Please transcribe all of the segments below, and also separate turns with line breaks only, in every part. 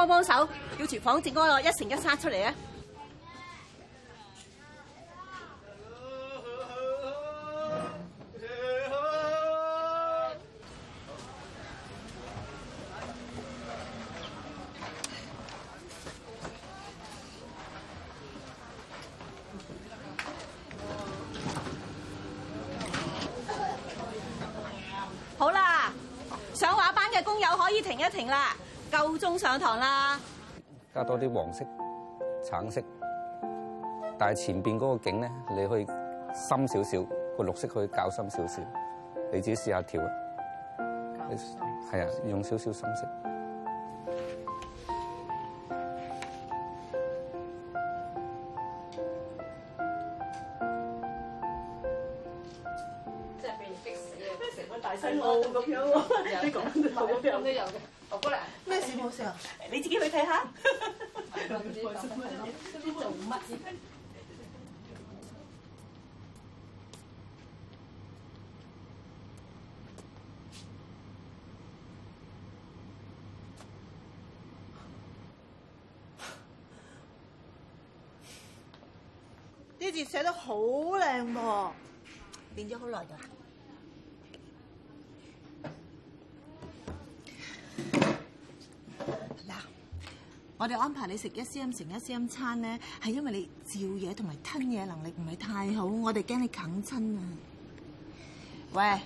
幫幫手叫廚房整開一成一殺出嚟啊，好啦。上畫班嘅工
友可以停一停啦！夠鐘上堂啦！加多啲黃色、橙色，但係前邊嗰個景咧，你可以深少少，個綠色可以較深少少，你自己試下調啊！係啊，用少少深色。即係俾人逼死 啊！成個大細路咁樣喎，有啲咁，有啲
咁都有嘅。哥哥嚟，咩事？冇事啊？你自己去睇下。呢 字 寫得好靚噃，練咗好耐嘅。我哋安排你食一 c m 乘一 c m 餐咧，係因為你嚼嘢同埋吞嘢能力唔係太好，我哋驚你啃親啊！喂，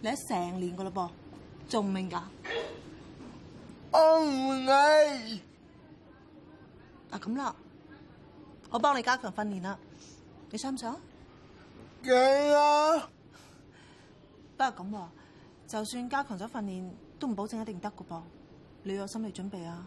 你一成年噶啦噃，仲唔明噶？安慰啊！嗱咁啦，我幫你加強訓練啦，你想唔想？驚啊！不過咁，就算加強咗訓練，都唔保證一定得噶噃，你要有心理準備啊！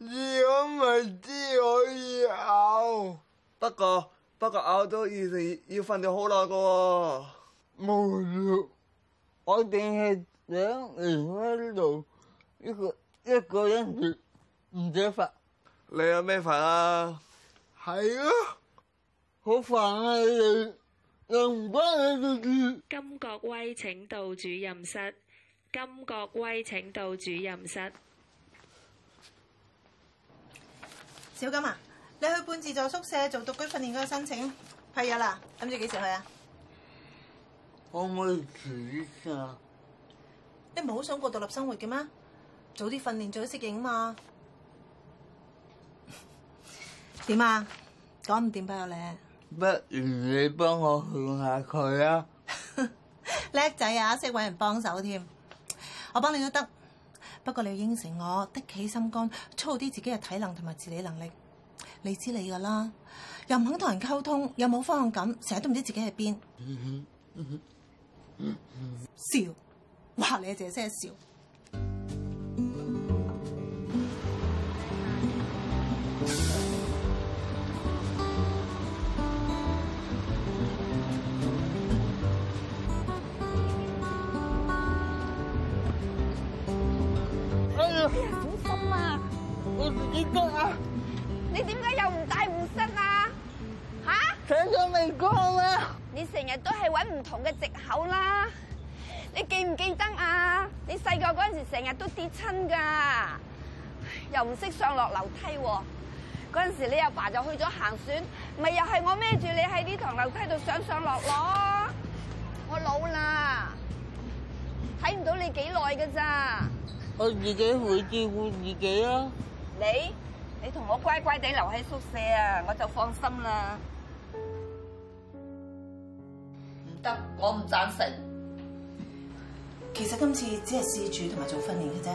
如果未知可以咬，不過不過咬到意前要瞓咗好耐嘅。冇了，我定係想離開呢度？一個一個人住唔使煩，你有咩煩啊？係啊，好煩啊！你我唔關你嘅事。金
國威請到主任室。金國威請到主任室。小金啊，你去半自助宿舍做獨居訓練嗰個申請，係啊啦，咁你幾時去啊？
可唔可以遲啲先啊？
你唔好想過獨立生活嘅咩？早啲訓練早啲適應嘛。點 啊？講唔掂不？我你，
不如你幫我勸下佢啊。
叻仔啊，識搵人幫手添，我幫你都得。不過你要應承我，的起心肝，操啲自己嘅體能同埋自理能力，你知你㗎啦，又唔肯同人溝通，又冇方向感，成日都唔知自己喺邊,， 笑，哇！你阿、啊、姐識笑。
你點解又唔戴護膝啊？吓、啊！扯咗未光啦、啊！你成日都係搵唔同嘅藉口啦！你記唔記得啊？你細個嗰陣時成日都跌親噶，又唔識上落樓梯、啊。嗰陣時你阿爸、爸就去咗行船，咪又係我孭住你喺呢層樓梯度上上落落。我老啦，睇唔到你幾耐噶咋？我自己會照顧自己啊！你你同我乖乖地留喺宿舍啊，我就放心啦。
唔得，我唔贊成。其實今次只係試住同埋做訓練嘅啫，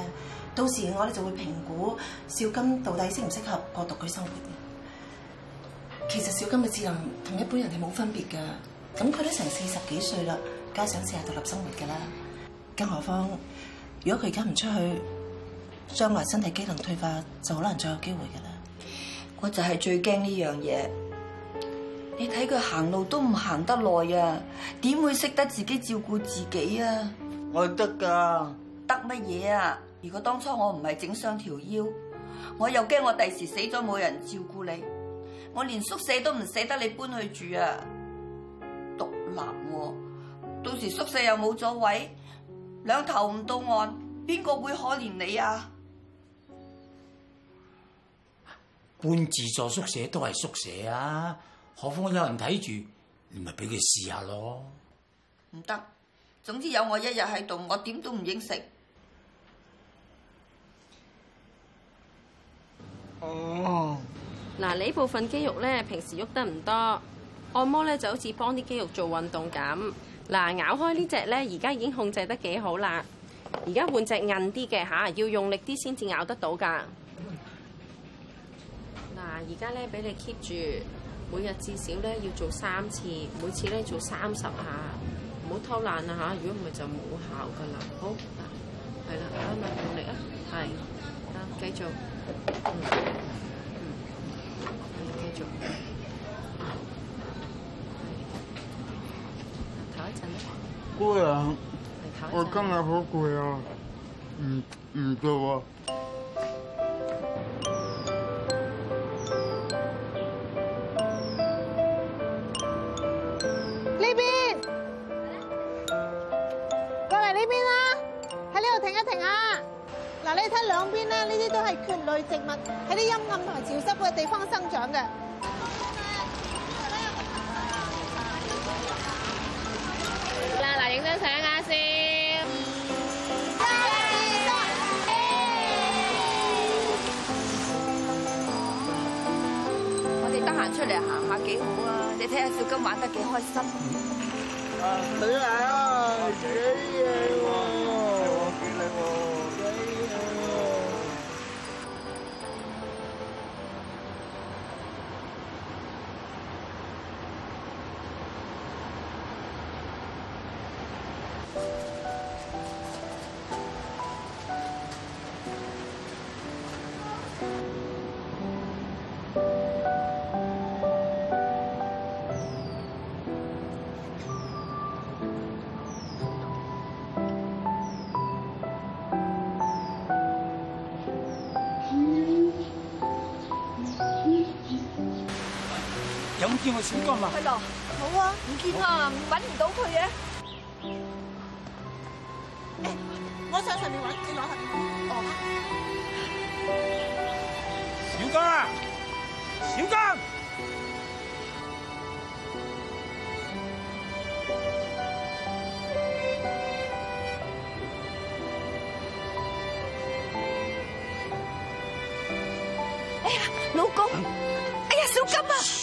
到時我哋就會評估小金到底適唔適合過獨居生活。其實小金嘅智能同一般人係冇分別噶，咁佢都成四十幾歲啦，加上試下獨立生活噶啦，更何況如果佢而家唔出去，將來身體機能退化就好難再有機會噶啦，我就係最驚呢樣嘢。
你睇佢行路都唔行得耐啊，點會識得自己照顧自己啊？我得噶，得乜嘢啊？如果當初我唔係整傷條腰，我又驚我第時死咗冇人照顧你，我連宿舍都唔捨得你搬去住啊，獨立喎，到時宿舍又冇咗位，兩頭唔到岸。邊個會可憐你啊？
半自助宿舍都係宿舍啊！何況有人睇住，你咪俾佢試下咯。
唔得，總之有我一日喺度，我點都唔應承。哦，嗱，呢部分肌肉咧，平時喐得唔多，按摩咧就好似幫啲肌肉做運動咁。嗱、啊，咬開呢隻咧，而家已經控制得幾好啦。而家換隻硬啲嘅吓，要用力啲先至咬得到噶。嗱、嗯，而家咧俾你 keep 住，每日至少咧要做三次，每次咧做三十下，唔好偷懶啊吓，如果唔係就冇效噶啦。好，係、啊、啦，咁啊用力啊，係，繼、啊、續，嗯，繼、嗯嗯嗯、續，唞、啊、一陣，姑娘。我今日好攰啊！嗯嗯，對唔，
呢邊過嚟呢邊啊？喺呢度停一停啊！嗱，你睇兩邊咧，呢啲都係蕨類植物，喺啲陰暗同潮濕嘅地方生長嘅。
幾好啊！你睇下小金玩得幾開心啊！佢係啊，幾正喎！見我小金嘛，係
咯，好啊，唔見啊，搵唔到佢啊。哎，我上上面搵，你攞下。哦，小
金啊，小金！哎呀，
老公，哎呀，小金啊！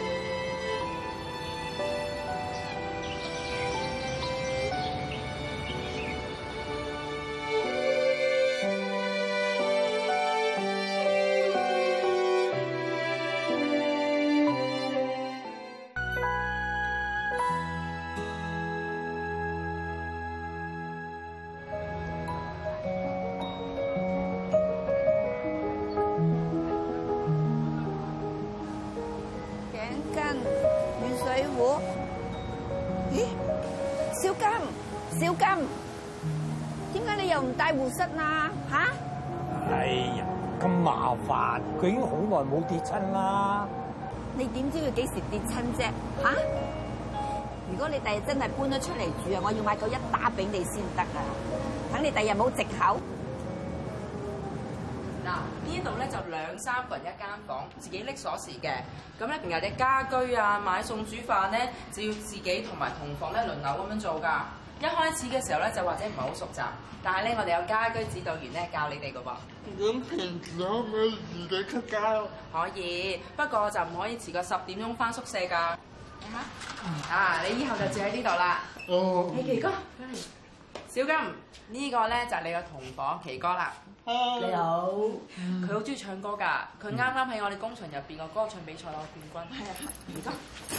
誤失啦，吓！啊、哎呀，咁麻煩，佢已經好耐冇跌親啦。你點知佢幾時跌親啫？吓、啊！如果你第日真係搬咗出嚟住啊，我要買夠一打俾你先得啊，等你第日冇藉口。呢度咧，就兩三個人一間房，自己拎鎖匙嘅。咁咧，平日啲家居啊、買餸煮飯咧，就要自己同埋同房咧輪流咁樣做噶。一開始嘅時候咧，就或者唔係好熟習，但係咧，我哋有家居指導員咧教你哋噶噃。咁平時可唔可以自己出街？可以，不過就唔可以遲過十點鐘翻宿舍噶。好嗎？啊，嗯、啊，你以後就住喺呢度啦。哦。你記得。小金，呢、這個咧就係你個同房奇哥啦。你好 Hello. 友，佢好中意唱歌噶，佢啱啱喺我哋工場入邊個歌唱比賽攞冠軍。係啊，奇哥，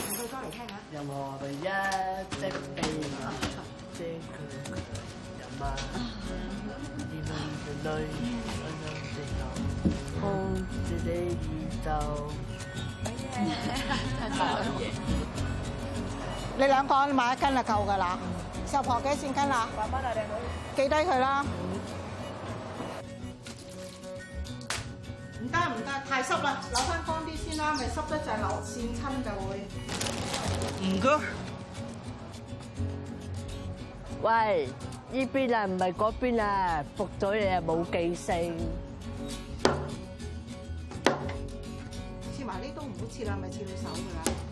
唱句歌嚟聽下。有任何一隻秘啊？即係佢愛上的，的你遠走。
你兩個買一斤就夠㗎啦。十磅幾錢斤啦？爸爸，你哋可以記低佢啦。唔得唔得，太濕啦，攞翻乾啲先啦，咪濕得就流線親就會。
唔該。喂，呢邊啊，唔係嗰邊啊，服咗你啊，冇記性。
切埋啲都唔好切啦，咪切到手㗎啦。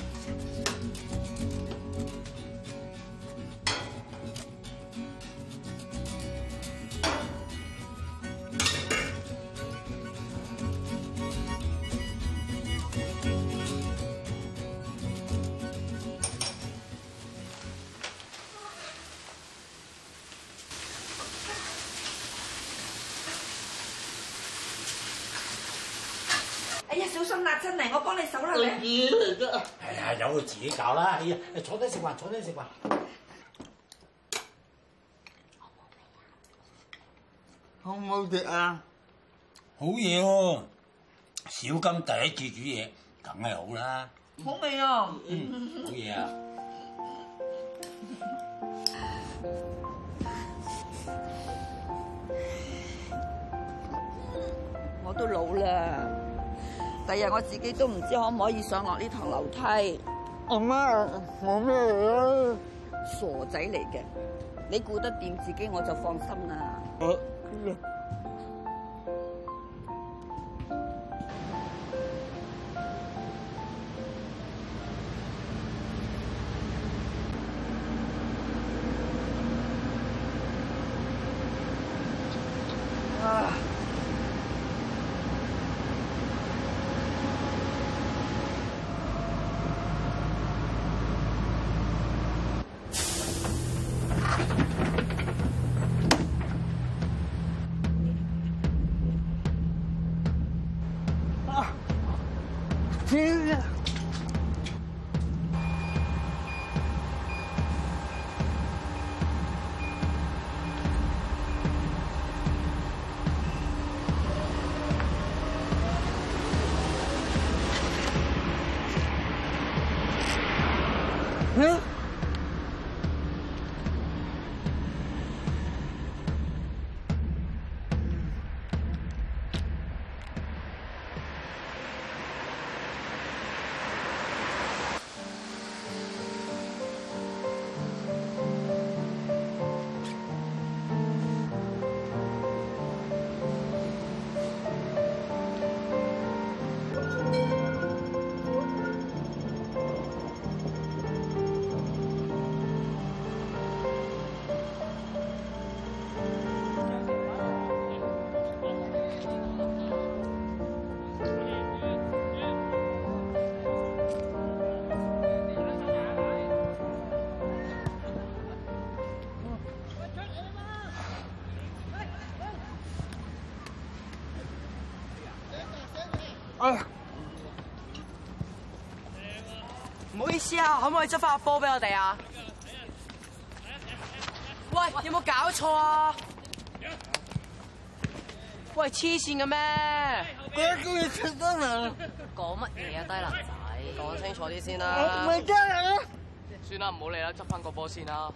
咁拉出嚟，我幫你手啦你，哎呀，
有由佢自己搞啦。
哎呀，坐低食飯，坐低食飯。好唔好食啊？
好嘢
喎，啊，小金第一次煮嘢，梗係好啦，啊。好味啊！嗯，好嘢啊！ 我都老啦。係啊！我自己都唔知可唔可以上落呢層樓梯。阿媽，我咩啊？傻仔嚟嘅，你顧得掂自己，我就放心啦。好。嗯。知 啊，可唔可以執翻個波俾我哋啊？喂，有冇搞錯啊？喂，黐線嘅咩？
講乜嘢啊，低能仔？講清楚啲先啦。我唔係低能。算啦，唔好理啦，執翻個波先啦。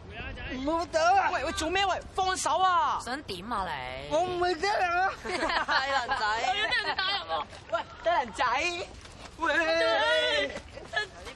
唔好啊！喂喂，做咩喂？放手啊，想啊！想點啊你？我唔係低能。 低能仔。
我唔係低能。喂，低能男 仔。喂。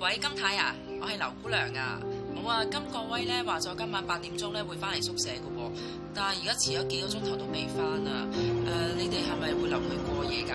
喂，金太太啊，我係劉姑娘啊。冇啊，金國威咧話咗今晚八點鐘咧會翻嚟宿舍噶噃，但係而家遲咗幾個鐘頭都未翻啊。誒、呃，你哋係咪會留佢過夜噶？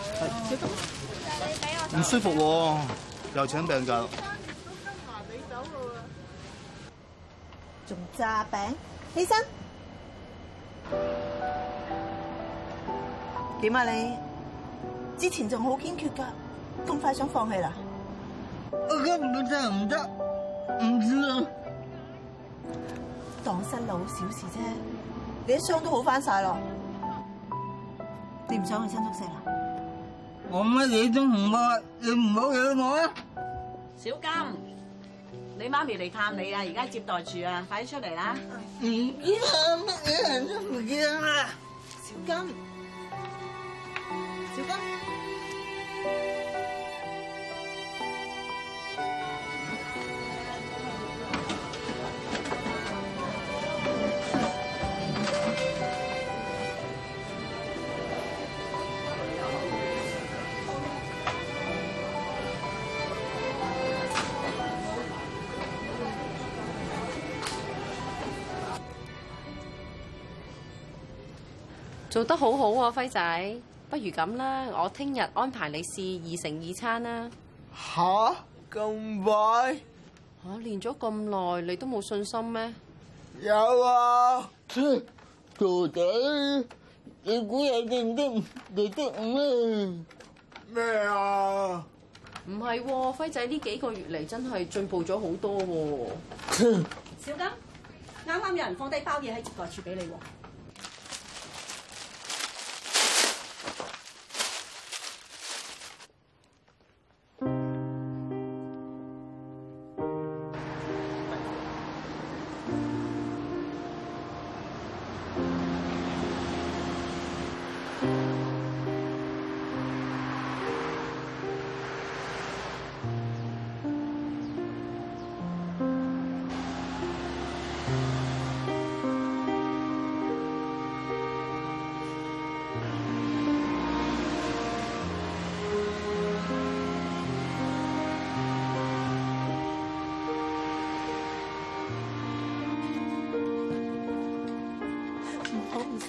唔是舒服喎，又請病假。仲炸病？起身？點啊你？之前仲好堅決㗎，咁快想放棄啦？我今日真係唔得，唔知啊。蕩失路小事啫，你啲傷都好翻晒咯。你唔想去新宿舍啦？
我乜嘢都唔愛，你唔好惹我啊！
小金，你媽咪嚟探你啊！而家接待處啊，快啲出嚟啦！唔見啊，乜嘢人都唔見啊！小金。
做得好好喎，輝仔，不如咁啦，我聽日安排你試二成二餐啦。嚇咁快？嚇練咗咁耐，你都冇信心咩？有啊，徒弟，你估人哋啲，你啲咩？咩啊？唔係喎，輝仔呢幾個月嚟真係進步咗
好多喎。小金，啱啱有人放低包嘢喺接待處俾你喎。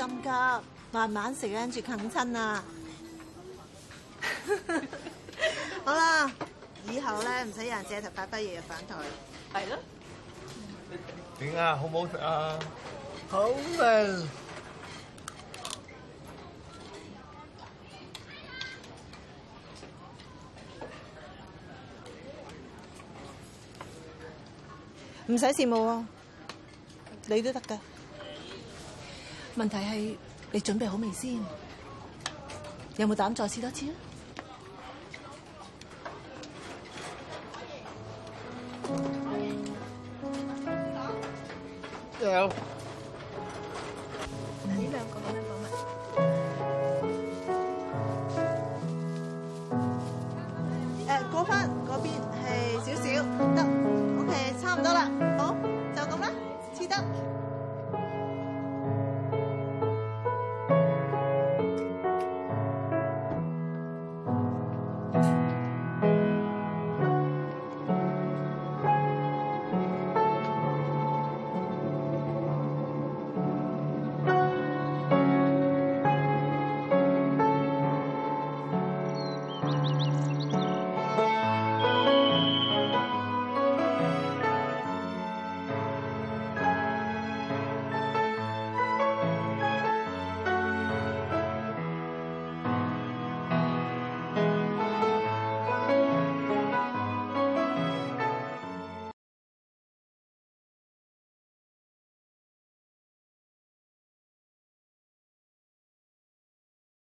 心急，慢慢食啊，跟住啃親啊！好啦，以後咧唔使人借台快快嘢，日日反台，係
咯？點啊？好唔好食啊？好啊！
唔使羨慕，你都得㗎。問題係你準備好未先？有冇膽再試多次啊？
有。